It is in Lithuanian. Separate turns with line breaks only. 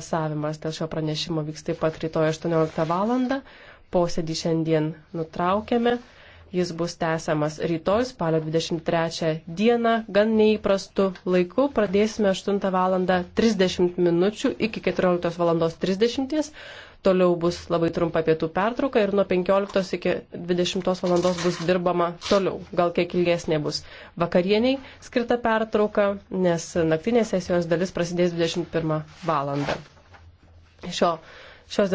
Balsavimas dėl šio pranešimo vyks taip pat rytoj 18 val. Posėdį šiandien nutraukėme. Jis bus tęsiamas rytoj, spalio 23 dieną, gan neįprastu laiku. Pradėsime 8 val. 30 minučių iki 14 val. 30. Toliau bus labai trumpa pietų pertrauka ir nuo 15 iki 20 val. bus dirbama toliau. Gal kiek ilgesnė bus vakarieniai skirta pertrauka, nes naktinės sesijos dalis prasidės 21 val.
Šio, šios dienos.